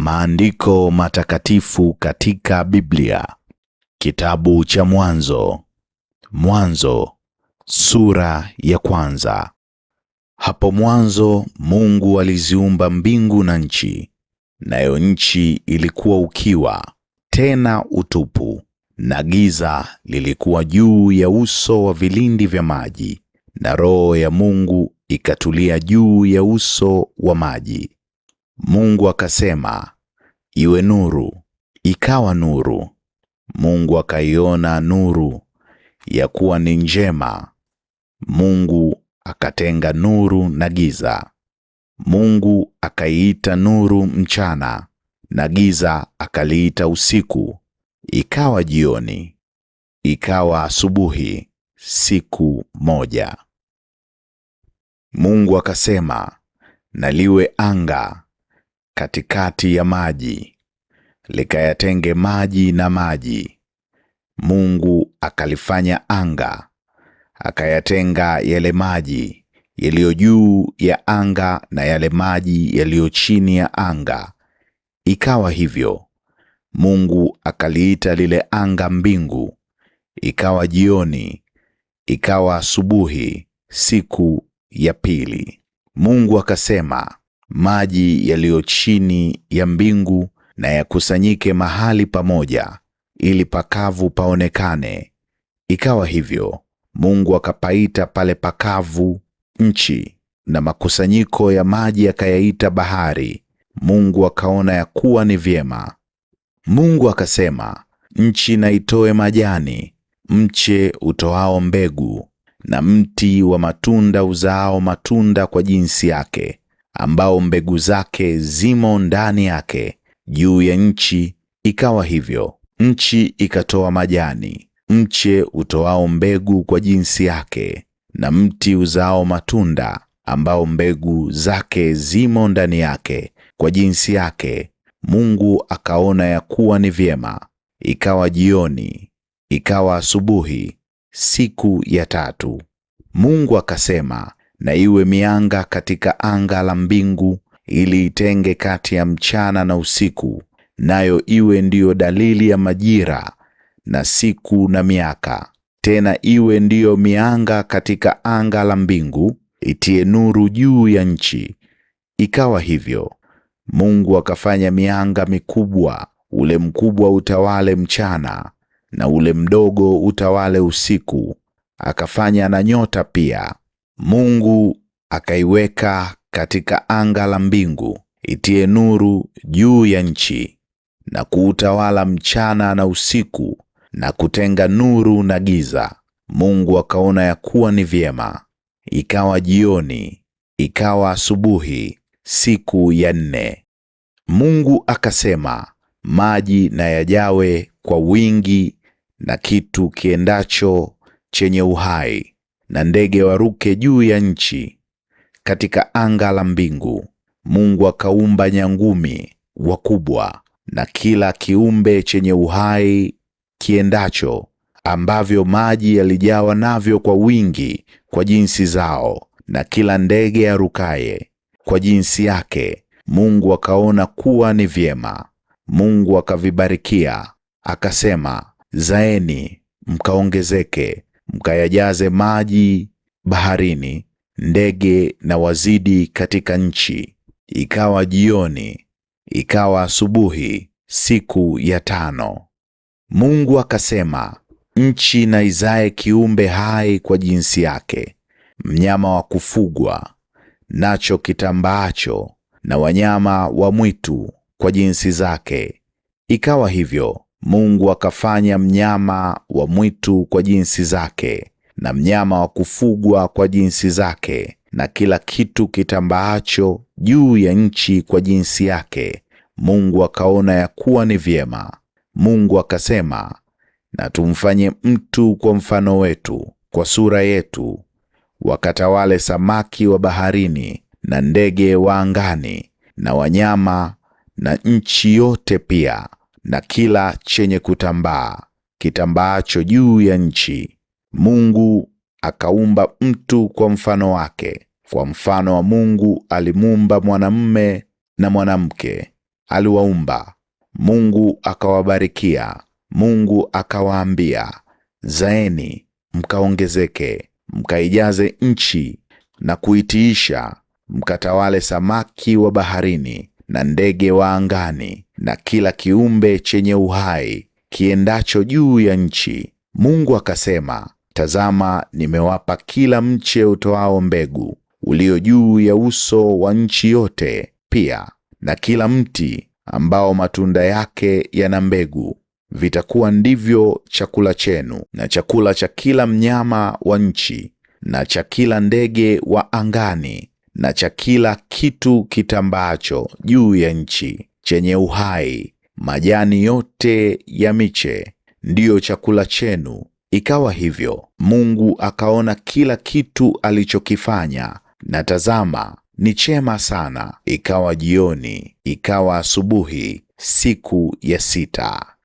Maandiko matakatifu katika Biblia. Kitabu cha Mwanzo. Mwanzo sura ya kwanza. Hapo mwanzo Mungu aliziumba mbingu na nchi, nayo nchi ilikuwa ukiwa tena utupu, na giza lilikuwa juu ya uso wa vilindi vya maji, na Roho ya Mungu ikatulia juu ya uso wa maji. Mungu akasema, iwe nuru, ikawa nuru. Mungu akaiona nuru ya kuwa ni njema. Mungu akatenga nuru na giza. Mungu akaiita nuru mchana na giza akaliita usiku. Ikawa jioni, ikawa asubuhi, siku moja. Mungu akasema, na liwe anga katikati ya maji, likayatenge maji na maji. Mungu akalifanya anga, akayatenga yale maji yaliyo juu ya anga na yale maji yaliyo chini ya anga. Ikawa hivyo. Mungu akaliita lile anga mbingu. Ikawa jioni, ikawa asubuhi, siku ya pili. Mungu akasema, maji yaliyo chini ya mbingu na yakusanyike mahali pamoja, ili pakavu paonekane. Ikawa hivyo, Mungu akapaita pale pakavu nchi, na makusanyiko ya maji akayaita bahari. Mungu akaona ya kuwa ni vyema. Mungu akasema, nchi na itoe majani, mche utoao mbegu, na mti wa matunda uzaao matunda kwa jinsi yake, ambao mbegu zake zimo ndani yake, juu ya nchi ikawa hivyo. Nchi ikatoa majani, mche utoao mbegu kwa jinsi yake, na mti uzao matunda, ambao mbegu zake zimo ndani yake kwa jinsi yake. Mungu akaona ya kuwa ni vyema. Ikawa jioni, ikawa asubuhi, siku ya tatu. Mungu akasema, na iwe mianga katika anga la mbingu, ili itenge kati ya mchana na usiku, nayo iwe ndiyo dalili ya majira na siku na miaka. Tena iwe ndiyo mianga katika anga la mbingu, itie nuru juu ya nchi. Ikawa hivyo. Mungu akafanya mianga mikubwa, ule mkubwa utawale mchana na ule mdogo utawale usiku. Akafanya na nyota pia. Mungu akaiweka katika anga la mbingu itie nuru juu ya nchi, na kuutawala mchana na usiku, na kutenga nuru na giza. Mungu akaona ya kuwa ni vyema. Ikawa jioni, ikawa asubuhi, siku ya nne. Mungu akasema, maji na yajawe kwa wingi na kitu kiendacho chenye uhai na ndege waruke juu ya nchi katika anga la mbingu. Mungu akaumba nyangumi wakubwa na kila kiumbe chenye uhai kiendacho, ambavyo maji yalijawa navyo kwa wingi kwa jinsi zao, na kila ndege arukaye kwa jinsi yake. Mungu akaona kuwa ni vyema. Mungu akavibarikia, akasema, zaeni mkaongezeke mkayajaze maji baharini, ndege na wazidi katika nchi. Ikawa jioni, ikawa asubuhi, siku ya tano. Mungu akasema, nchi na izae kiumbe hai kwa jinsi yake, mnyama wa kufugwa nacho kitambaacho, na wanyama wa mwitu kwa jinsi zake. Ikawa hivyo. Mungu akafanya mnyama wa mwitu kwa jinsi zake na mnyama wa kufugwa kwa jinsi zake na kila kitu kitambaacho juu ya nchi kwa jinsi yake. Mungu akaona ya kuwa ni vyema. Mungu akasema, na tumfanye mtu kwa mfano wetu, kwa sura yetu, wakatawale samaki wa baharini na ndege wa angani na wanyama na nchi yote pia na kila chenye kutambaa kitambaacho juu ya nchi. Mungu akaumba mtu kwa mfano wake, kwa mfano wa Mungu alimuumba mwanamume na mwanamke aliwaumba. Mungu akawabarikia. Mungu akawaambia, zaeni mkaongezeke, mkaijaze nchi na kuitiisha, mkatawale samaki wa baharini na ndege wa angani na kila kiumbe chenye uhai kiendacho juu ya nchi. Mungu akasema, tazama, nimewapa kila mche utoao mbegu ulio juu ya uso wa nchi yote, pia na kila mti ambao matunda yake yana mbegu vitakuwa ndivyo chakula chenu, na chakula cha kila mnyama wa nchi, na cha kila ndege wa angani, na cha kila kitu kitambaacho juu ya nchi chenye uhai, majani yote ya miche ndiyo chakula chenu. Ikawa hivyo, Mungu akaona kila kitu alichokifanya, na tazama, ni chema sana. Ikawa jioni, ikawa asubuhi, siku ya sita.